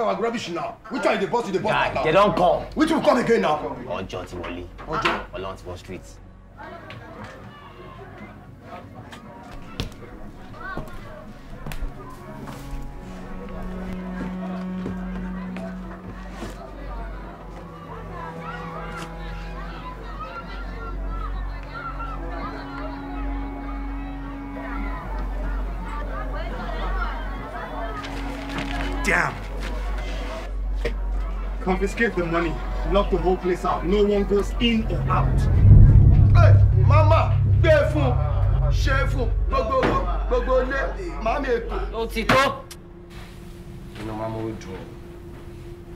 of our rubbish now. Which one is the boss? Is the boss God, They don't come. Which will come again now? Ọjọ́ ti wọlé. Ọjọ́. Ọlọ́run ti wọ street. damn. Confiscate the money. Lock the whole place out. No one goes in or out. Hey, mama, gbé e fún, ṣe fún, gbogbo gbogbo ilé, màmí ètò. Ó ti tó. You know, mama will draw.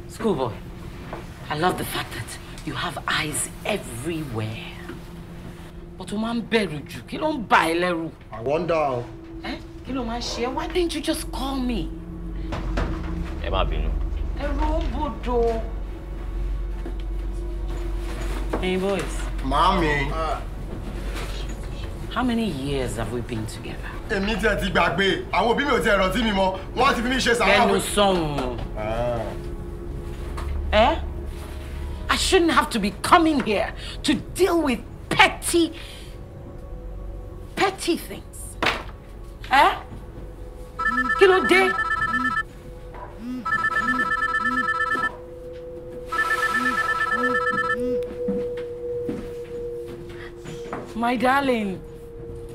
Schoolboy, I love the fact that you have eyes everywhere. But o máa ń bẹ̀rù jù, kí ló ń I wonder. Eh? Kí ló máa ń Why didn't you just call me? Emma, má bínú dùn. Hey boys. Mami. Uh, How many years have we been together? Èmi tí ẹ ti gbàgbé, àwọn òbí mi ò ti ẹ̀rọ tí mi mọ, wọ́n ti fi mí ṣe sàárà. Bẹ́ẹ̀ni sọ̀hún. Ẹ ah. eh? I shouldn't have to be coming here to deal with petty petty things. Ẹ eh? kí ló dé? my darling.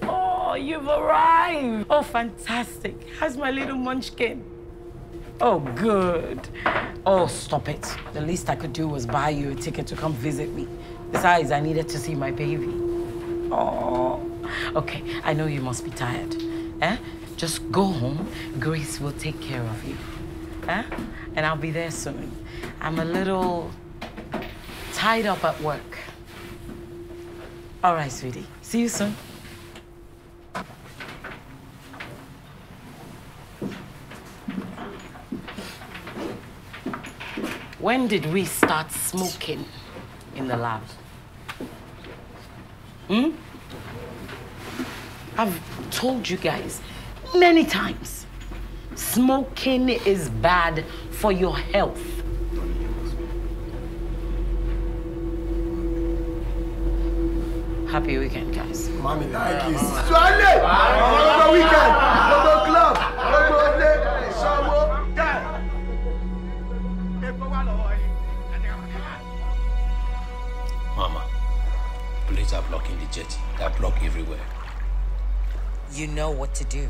Oh, you've arrived. Oh, fantastic. How's my little munchkin? Oh, good. Oh, stop it. The least I could do was buy you a ticket to come visit me. Besides, I needed to see my baby. Oh, okay. I know you must be tired. Eh? Just go home. Grace will take care of you. Eh? And I'll be there soon. I'm a little tied up at work. All right, sweetie. See you soon. When did we start smoking in the lab? Hmm? I've told you guys many times, smoking is bad for your health. Happy weekend, guys. Mommy, thank you. Swale! weekend! club! Mama, police are blocking the jetty. They're blocked everywhere. You know what to do.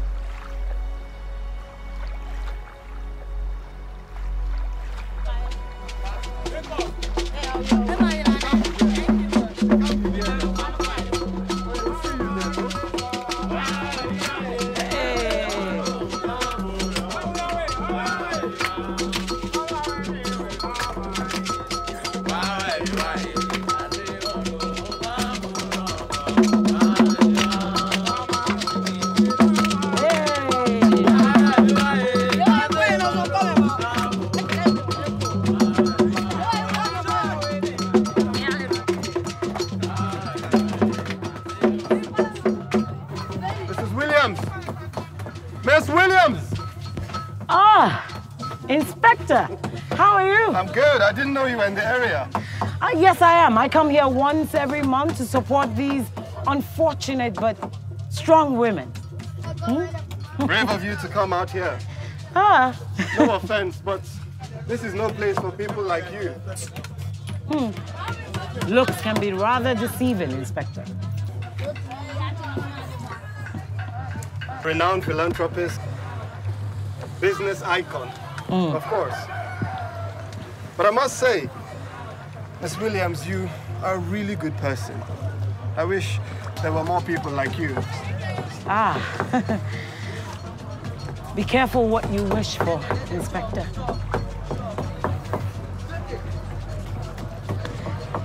I'm good. I didn't know you were in the area. Uh, yes, I am. I come here once every month to support these unfortunate but strong women. Hmm? Brave of you to come out here. Ah. no offense, but this is no place for people like you. Hmm. Looks can be rather deceiving, Inspector. Renowned philanthropist, business icon, mm. of course. But I must say, Miss Williams, you are a really good person. I wish there were more people like you. Ah. Be careful what you wish for, Inspector.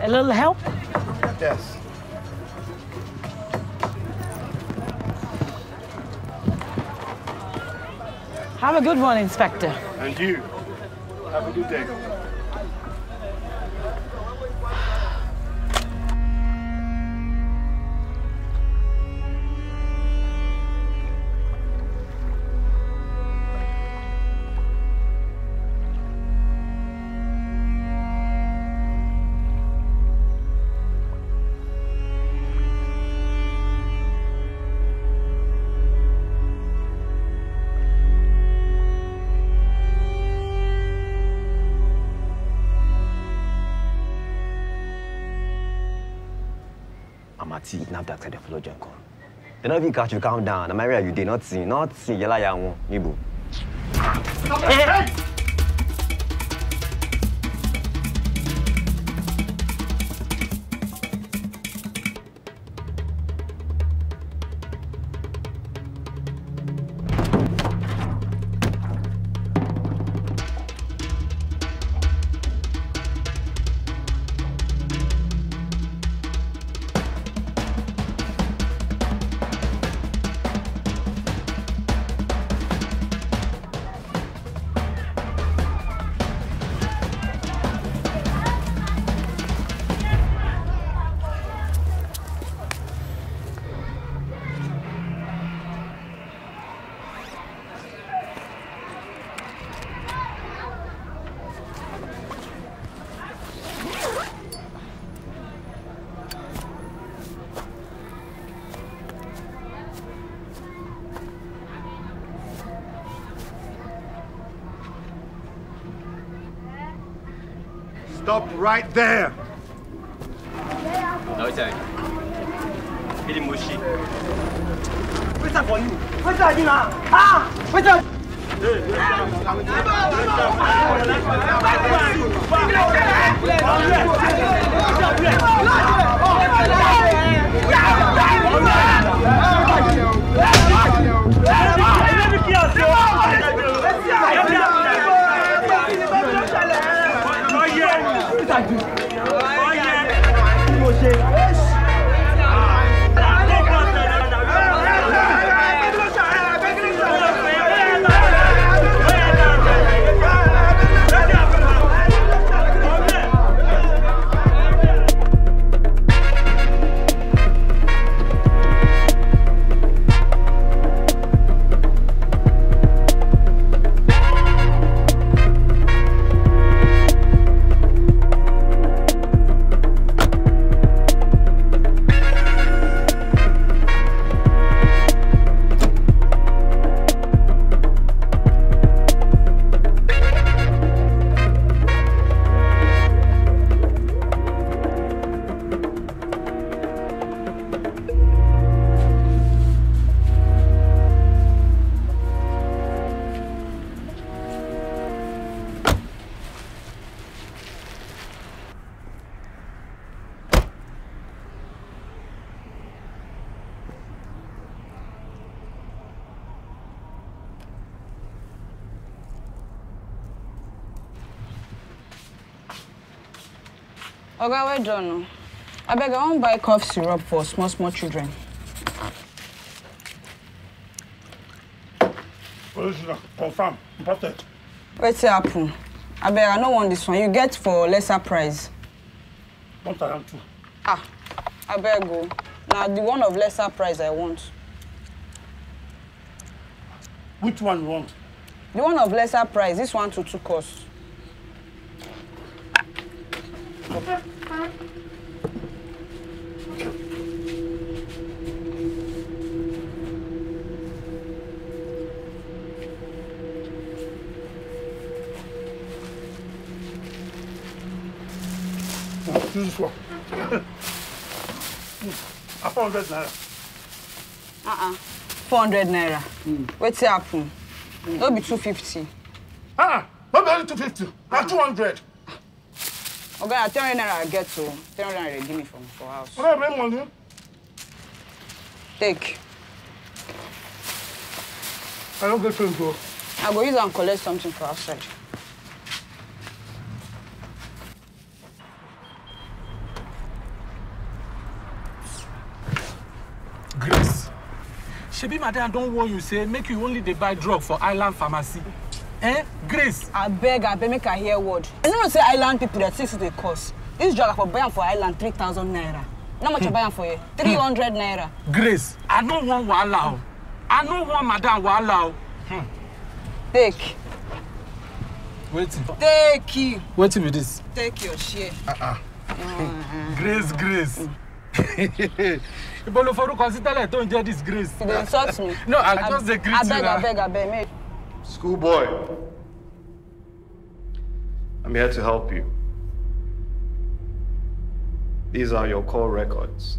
A little help? Yes. Have a good one, Inspector. And you. Have a good day. dioxide effluent nǹkan they no fit catch you calm down na malaria you dey nothing nothing yàrá ya wọn níbo. Stop right there! No time. Billy Moshi. What's up for you. What's up, Dina. Ah! Wait up! Hey! Oga, well done. Oh. I beg, I won't buy cough syrup for small, small children. Original, confirm, imported. What's happen? I beg, I don't want this one. You get for lesser price. Don't I want to? Ah, I beg, go. Oh. Now, the one of lesser price I want. Which one you want? The one of lesser price. This one to two cost. Okay. Tout ce soir. A 400 naira. Uh-uh. 400 naira. Mm. Wetin happen? Mm. No be two fifty. Ah, no be fifty. 250. two hundred oga I tell you naira i get to. Tell you naira dey give me from for house. What ọ̀rẹ́ mi mọ̀lẹ́. take. i don't get change o. i go use and collect something for outside. grace shebi madam don't warn you say make you only the buy drug for island pharmacy. Eh? grace. I beg, I beg, make i hear word you know say island people that think say dey cost this drug i for buy for island three thousand naira how much i buying for you, hmm. three hundred naira. grace i no wan wahala o i no wan madam wahala o. Hmm. take. wetin. take you. wetin be this. take your share. Uh -uh. grace grace. Mm. ibo ló forúkọ sí tẹ́lẹ̀ tó ń jẹ́ disgrace. you insult me. no i, I just dey greet you na. abeg abeg abeg make. school boy. I'm here to help you. These are your call records.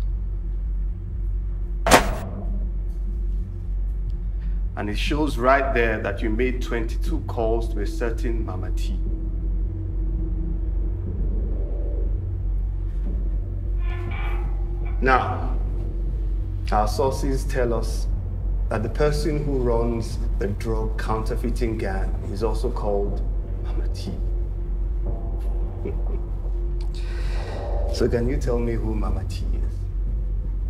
And it shows right there that you made 22 calls to a certain Mama T. Now, our sources tell us that the person who runs the drug counterfeiting gang is also called Mama T. so can you tell me who Mama T is?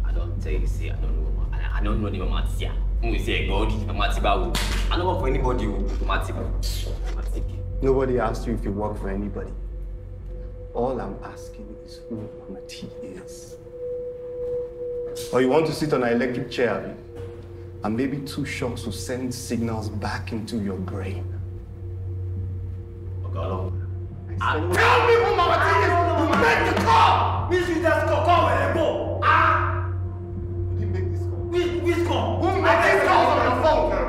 I don't tell you, see, I don't know. I, I don't know any Mama T. Ah. We say God, Mama T. I don't work for anybody. Oh. Mama T. Nobody asked you if you work for anybody. All I'm asking is who Mama T is. Or you want to sit on an electric chair, and maybe two shocks will send signals back into your brain. Oh, God. Ah, tell me who my thing is you make the call. Which you just call, call where they go. Ah. Who didn't make this call? Which which call? Who made this call on the phone?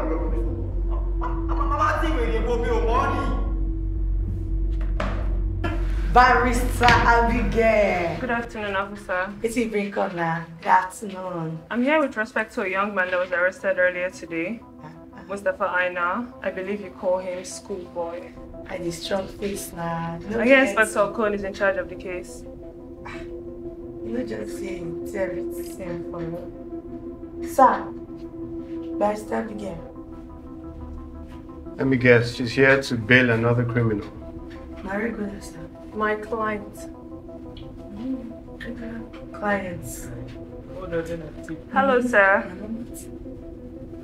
Barrister Abigail. Good afternoon, officer. It's Ibrin Kodla. Good afternoon. I'm here with respect to a young man that was arrested earlier today. Uh Mustafa Aina. I believe you call him schoolboy. I distrust this man. I guess Inspector Okon is in charge of the case. You know, just say it, same for me. Sir, Barrister again. Let me guess, she's here to bail another criminal. Mary Godasa. My client. Mm, clients. Oh, no, Hello, sir. Mm -hmm.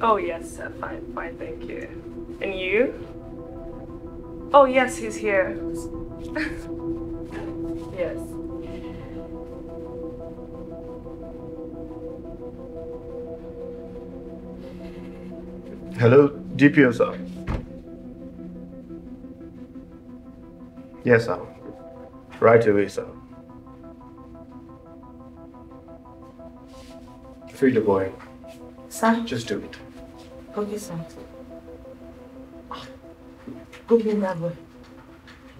Oh, yes, sir. Fine, fine, thank you. And you? Oh, yes, he's here. yes. Hello, DPO sir. Yes, sir. Right away, sir. Free the boy. Sir? Just do it. Go bring Goblin that boy.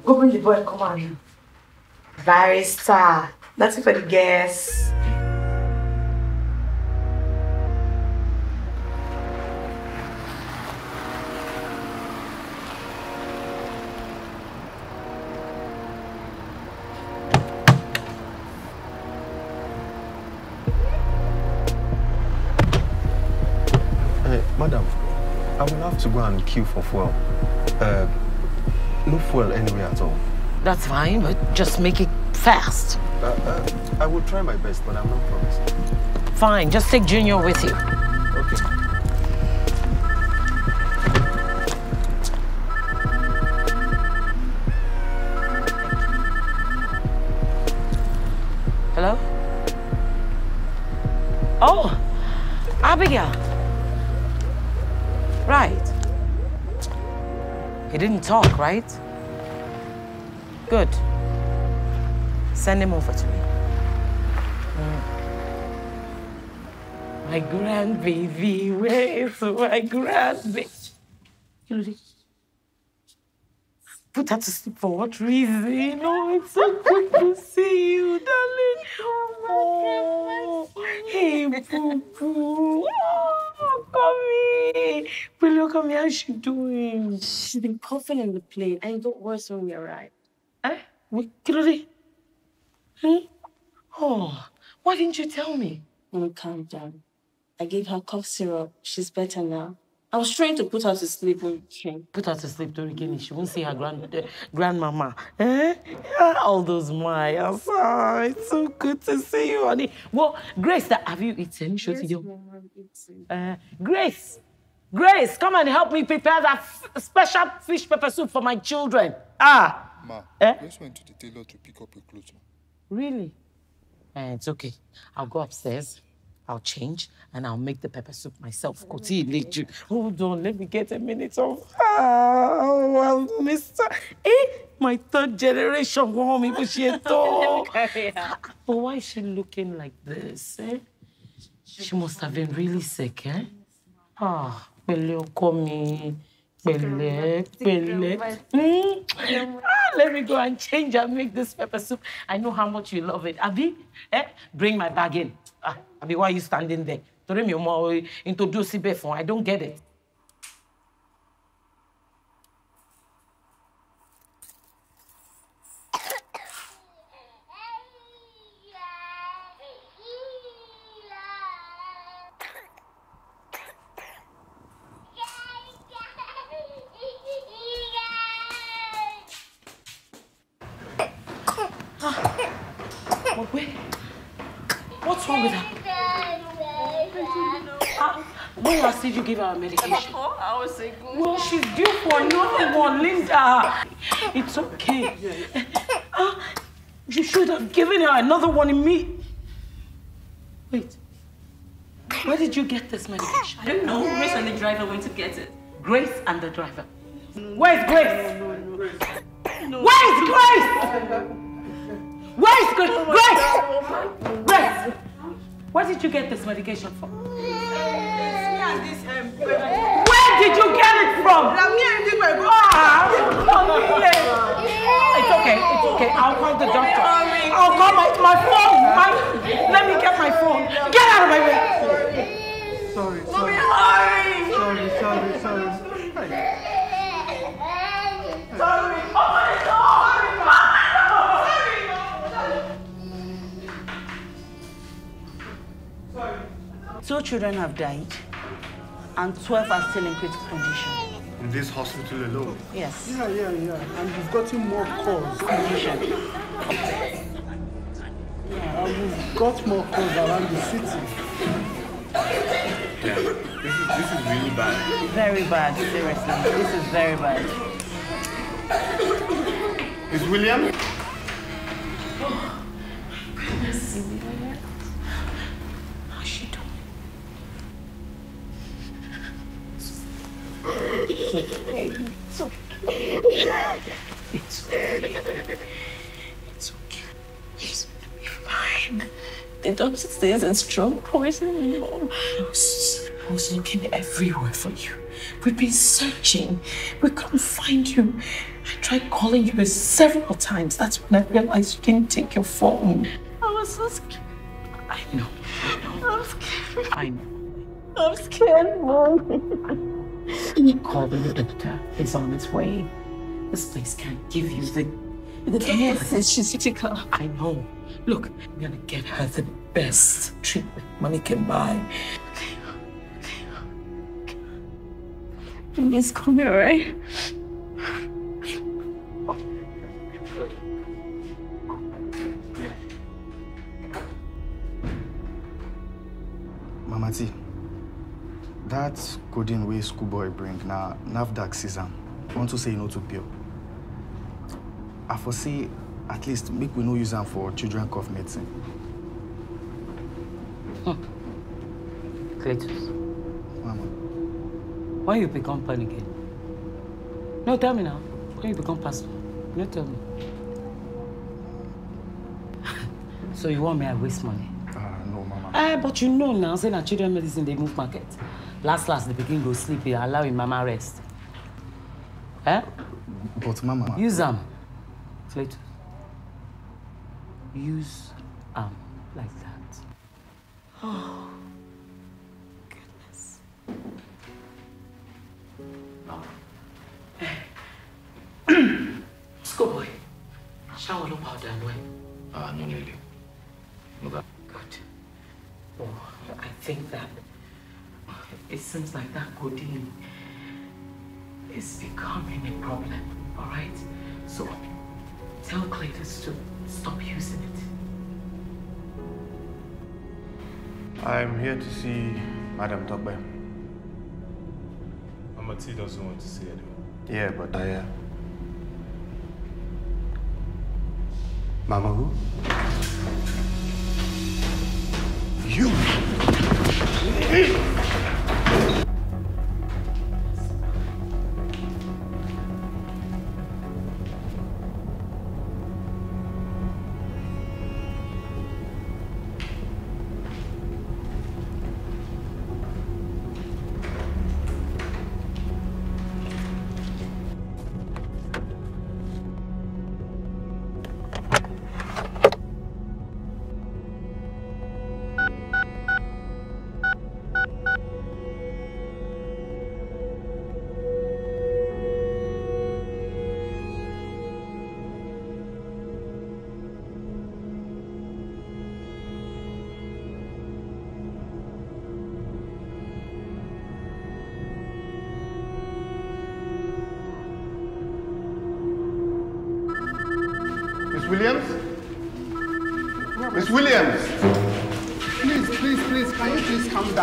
bring the boy, come on. Barrister. That's it for the guests. to go and queue for fuel. Uh, no fuel anywhere at all. That's fine, but just make it fast. Uh, uh, I will try my best, but I'm not promised. Fine, just take Junior with you. talk, right? Good. Send him over to me. Mm. My grandbaby, where is my grandbaby? Put her to sleep for what reason? Oh, it's so good to see you, darling. Oh, oh hey, boo boo. Oh. Mommy, but look at me, how she doing? She's been coughing in the plane and it got worse when we arrived. Eh? We clearly. Hmm? Oh, why didn't you tell me? No, calm down. I gave her cough syrup. She's better now. I was trying to put her to sleep. Put her to sleep, Torikini. She won't see her grand uh, grandmama. Eh? all those smiles. Oh, ah, it's so good to see you, honey. Well, Grace, have you eaten? Show yes, you. Uh, Grace, Grace, come and help me prepare that special fish pepper soup for my children. Ah. Ma, eh? Grace went to the tailor to pick up your clothes. Really? Uh, it's okay. I'll go upstairs. I'll change and I'll make the pepper soup myself. Hold on, let me get a minute of. Oh, well, Mr. Eh, my third generation won me, but she But why is she looking like this? Eh? She must have been really sick, eh? Ah, pẹ̀lẹ́ ọkọ mi. Pẹ̀lẹ́, pẹ̀lẹ́. Mm. Ah, let me go and change and make this pepper soup. I know how much you love it. Abi, eh? Bring my bag in. ah àbí why you standing there torí mi ò mọ ohun tó dúró síbẹ̀ fún i don't get it. another one in me. Wait. Where did you get this medication? I don't know. Grace and the driver went to get it. Grace and the driver. Where's Grace? Where is Grace? Where is Grace? Grace! Grace! Where did you get this medication from? and this um, Where did you get it from? Now me and ah! this It's okay, it's okay. I'll call the doctor. I'll call my my phone. My, let me get my phone. Get out of my way. Sorry. Sorry. Sorry. Sorry. Sorry. Sorry. Oh my God. Sorry. children have died and 12 are still in critical condition. In this hospital alone? Yes. Yeah, yeah, yeah. And we've gotten more calls. Condition. yeah, and we've got more calls around the city. Yeah, this is, this is really bad. Very bad, seriously. This is very bad. Is William? It's okay. It's okay. It's okay. It's gonna be fine. The doctor says it's strong poison in I was looking everywhere for you. We've been searching. We couldn't find you. I tried calling you several times. That's when I realized you didn't take your phone. I was so scared. I know. I know. I'm scared. I know. I'm scared, Mom. Call the doctor. It's on its way. This place can't give you the the care. She's critical. I know. Look, I'm gonna get her the best treatment money can buy. Okay. okay. Please call me, alright? Mama T. That coding way schoolboy bring now NAFDAC season him. Want to say no to pill I foresee at least make we no use them for children cough medicine. Cletus. Mama. Why you become pan again? No, tell me now. Why you become pastor? No, tell me. so you want me to waste money? Uh, no, Mama. Ah, but you know now, saying that children medicine, they move market last last the pikin go sleep you allow him mama rest eh but mama use them. later. use am like that oh goodness School boy, shower look powder and wet. Ah, no, need, No, Good. Oh, I think that it seems like that codeine is becoming a problem, all right? So tell Cletus to stop using it. I'm here to see Madam Tokbe. Amati doesn't want to see her Yeah, but I am. Uh, Mama who? You!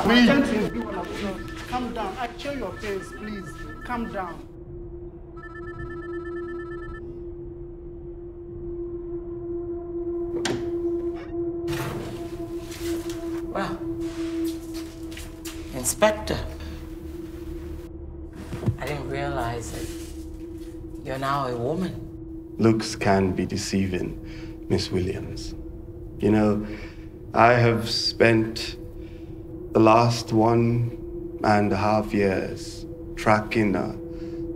please. I'm trying to you one of Calm down. I your face, please. Calm down. Well, Inspector. I didn't realize that you're now a woman. Looks can be deceiving, Miss Williams. You know, I have spent the last one and a half years tracking a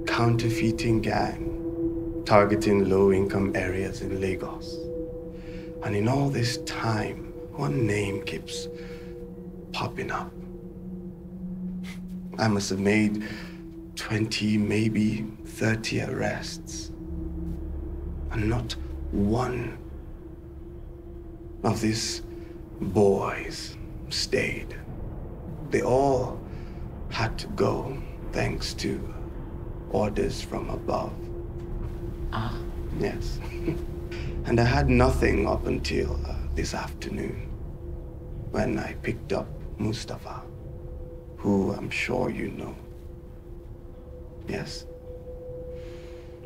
counterfeiting gang targeting low income areas in Lagos. And in all this time, one name keeps popping up. I must have made 20, maybe 30 arrests. And not one of these boys stayed. They all had to go thanks to orders from above. Ah. Yes. and I had nothing up until uh, this afternoon when I picked up Mustafa, who I'm sure you know. Yes.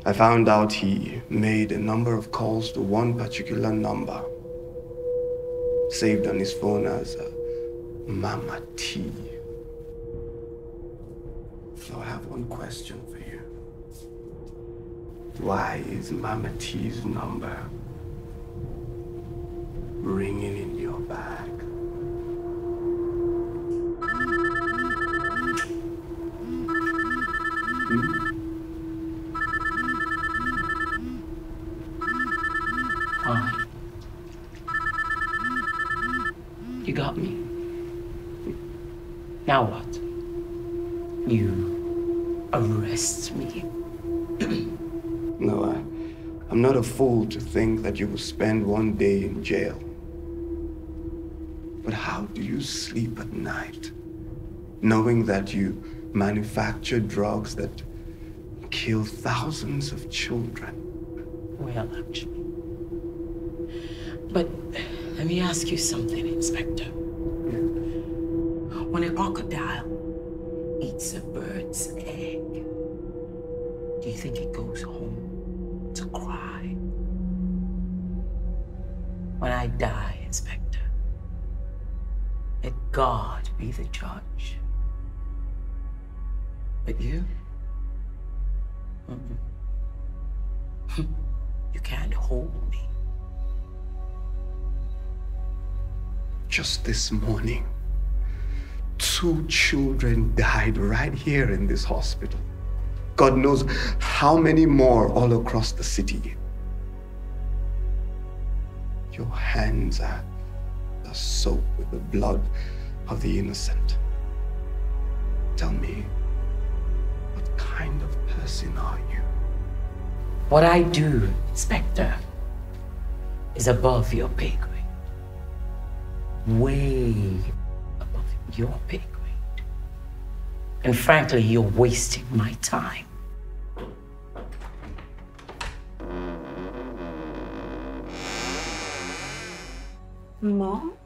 I found out he made a number of calls to one particular number, saved on his phone as uh, Mama T. So I have one question for you. Why is Mama T's number ringing in your bag? that you will spend one day in jail. But how do you sleep at night, knowing that you manufacture drugs that kill thousands of children? Well, actually. But let me ask you something, Inspector. When a crocodile eats a bird's egg, do you think it goes home to cry? when I die, Inspector. Let God be the judge. But you? Mm -mm. you can't hold me. Just this morning, two children died right here in this hospital. God knows how many more all across the city your hands are, are soaked with the blood of the innocent. Tell me, what kind of person are you? What I do, Inspector, is above your pay grade. Way above your pay grade. And frankly, you're wasting my time. 忙。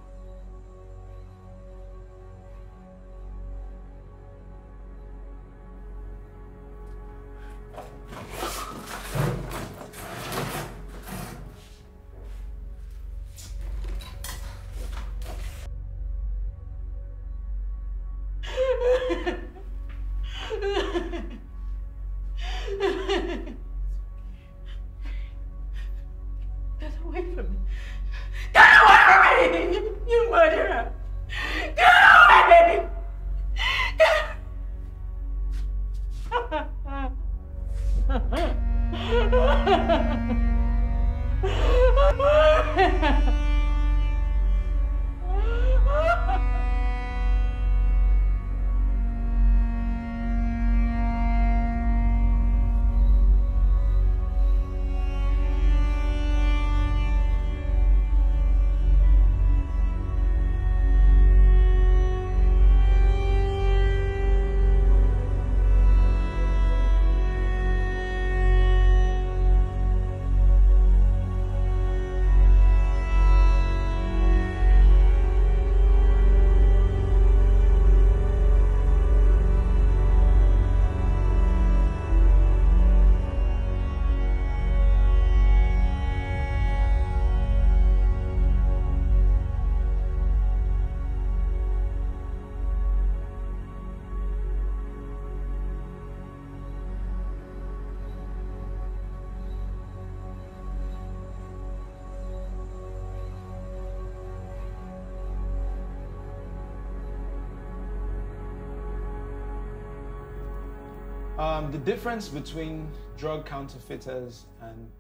Um, the difference between drug counterfeiters and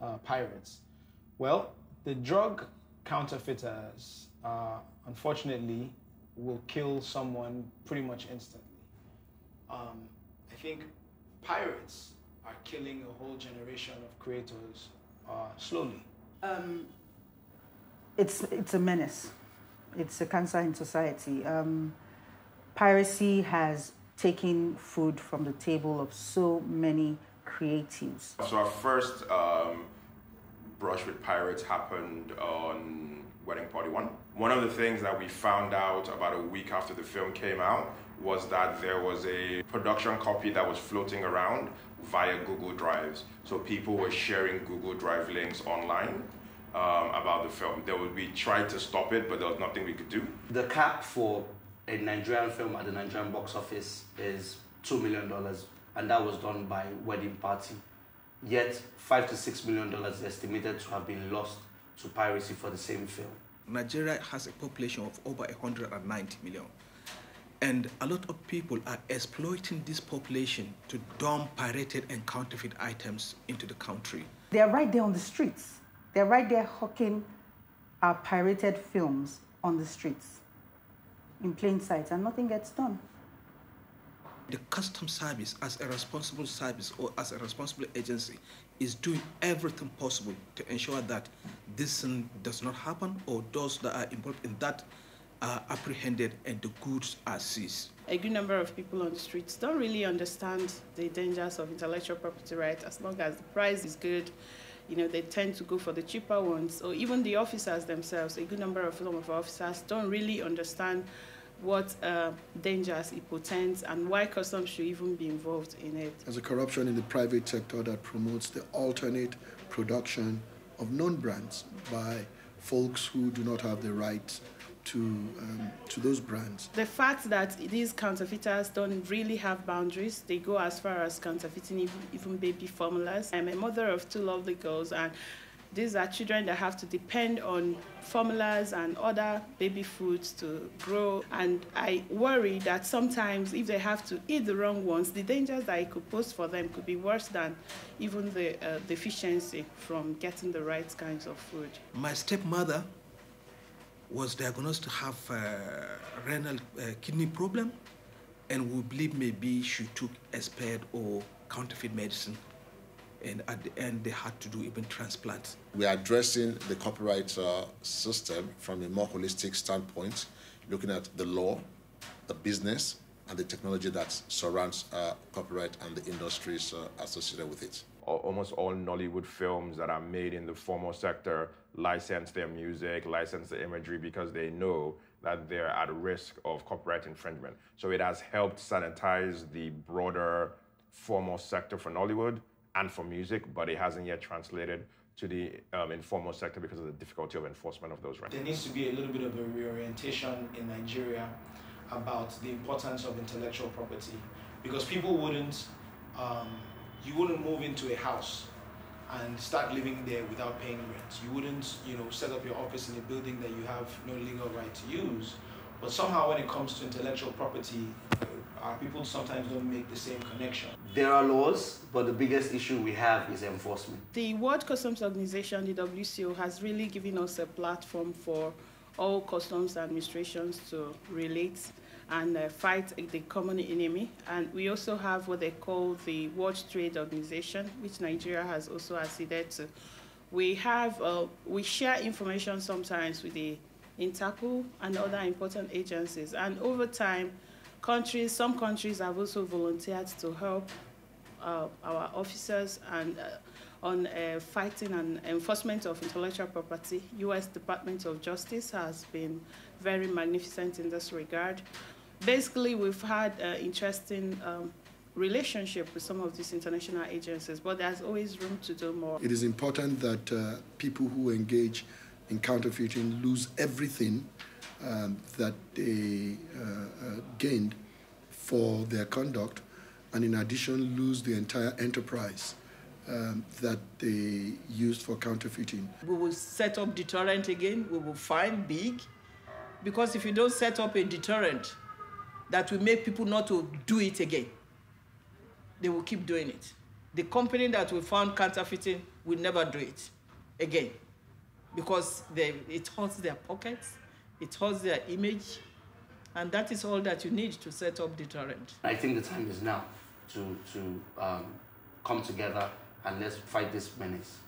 uh, pirates. Well, the drug counterfeiters, uh, unfortunately, will kill someone pretty much instantly. Um, I think pirates are killing a whole generation of creators uh, slowly. Um, it's, it's a menace. It's a cancer in society. Um, piracy has taking food from the table of so many creatives. So our first um, brush with pirates happened on Wedding Party One. One of the things that we found out about a week after the film came out was that there was a production copy that was floating around via Google Drives. So people were sharing Google Drive links online. Um, about the film, there would we tried to stop it, but there was nothing we could do. The cap for a Nigerian film at the Nigerian box office is two million dollars, and that was done by Wedding Party. Yet five to six million dollars is estimated to have been lost to piracy for the same film. Nigeria has a population of over 190 million. And a lot of people are exploiting this population to dump pirated and counterfeit items into the country. They're right there on the streets. They're right there hawking our pirated films on the streets in plain sight and nothing gets done. The custom service, as a responsible service or as a responsible agency, is doing everything possible to ensure that this does not happen or those that are involved in that are apprehended and the goods are seized. A good number of people on the streets don't really understand the dangers of intellectual property rights as long as the price is good you know, they tend to go for the cheaper ones, or even the officers themselves. A good number of, of officers don't really understand what uh, dangers it portends and why customs should even be involved in it. There's a corruption in the private sector that promotes the alternate production of non brands by folks who do not have the right to um, to those brands. The fact that these counterfeiters don't really have boundaries, they go as far as counterfeiting even baby formulas. I'm a mother of two lovely girls and these are children that have to depend on formulas and other baby foods to grow. And I worry that sometimes if they have to eat the wrong ones, the dangers that it could pose for them could be worse than even the uh, deficiency from getting the right kinds of food. My stepmother was diagnosed to have a uh, renal uh, kidney problem and we believe maybe she took expired or counterfeit medicine and at the end they had to do even transplants. We are addressing the copyright uh, system from a more holistic standpoint, looking at the law, the business, and the technology that surrounds uh, copyright and the industries uh, associated with it. Almost all Nollywood films that are made in the formal sector license their music, license the imagery because they know that they're at risk of copyright infringement. So it has helped sanitize the broader formal sector for Nollywood and for music, but it hasn't yet translated to the um, informal sector because of the difficulty of enforcement of those rights. There needs to be a little bit of a reorientation in Nigeria about the importance of intellectual property because people wouldn't, um, you wouldn't move into a house and start living there without paying rent. You wouldn't, you know, set up your office in a building that you have no legal right to use. But somehow when it comes to intellectual property, and people sometimes don't make the same connection. There are laws, but the biggest issue we have is enforcement. The World Customs Organization, the WCO, has really given us a platform for all customs administrations to relate and uh, fight the common enemy. And we also have what they call the World Trade Organization, which Nigeria has also acceded to. We have uh, we share information sometimes with the Interpol and other important agencies, and over time countries, some countries have also volunteered to help uh, our officers and uh, on uh, fighting and enforcement of intellectual property. U.S. Department of Justice has been very magnificent in this regard. Basically, we've had an uh, interesting um, relationship with some of these international agencies, but there's always room to do more. It is important that uh, people who engage in counterfeiting lose everything um, that they uh, uh, gained for their conduct, and in addition, lose the entire enterprise. Um, that they used for counterfeiting. We will set up deterrent again. We will fine big, because if you don't set up a deterrent, that will make people not to do it again. They will keep doing it. The company that we found counterfeiting will never do it again, because they, it hurts their pockets. It holds their image, and that is all that you need to set up deterrent. I think the time is now to, to um, come together and let's fight this menace.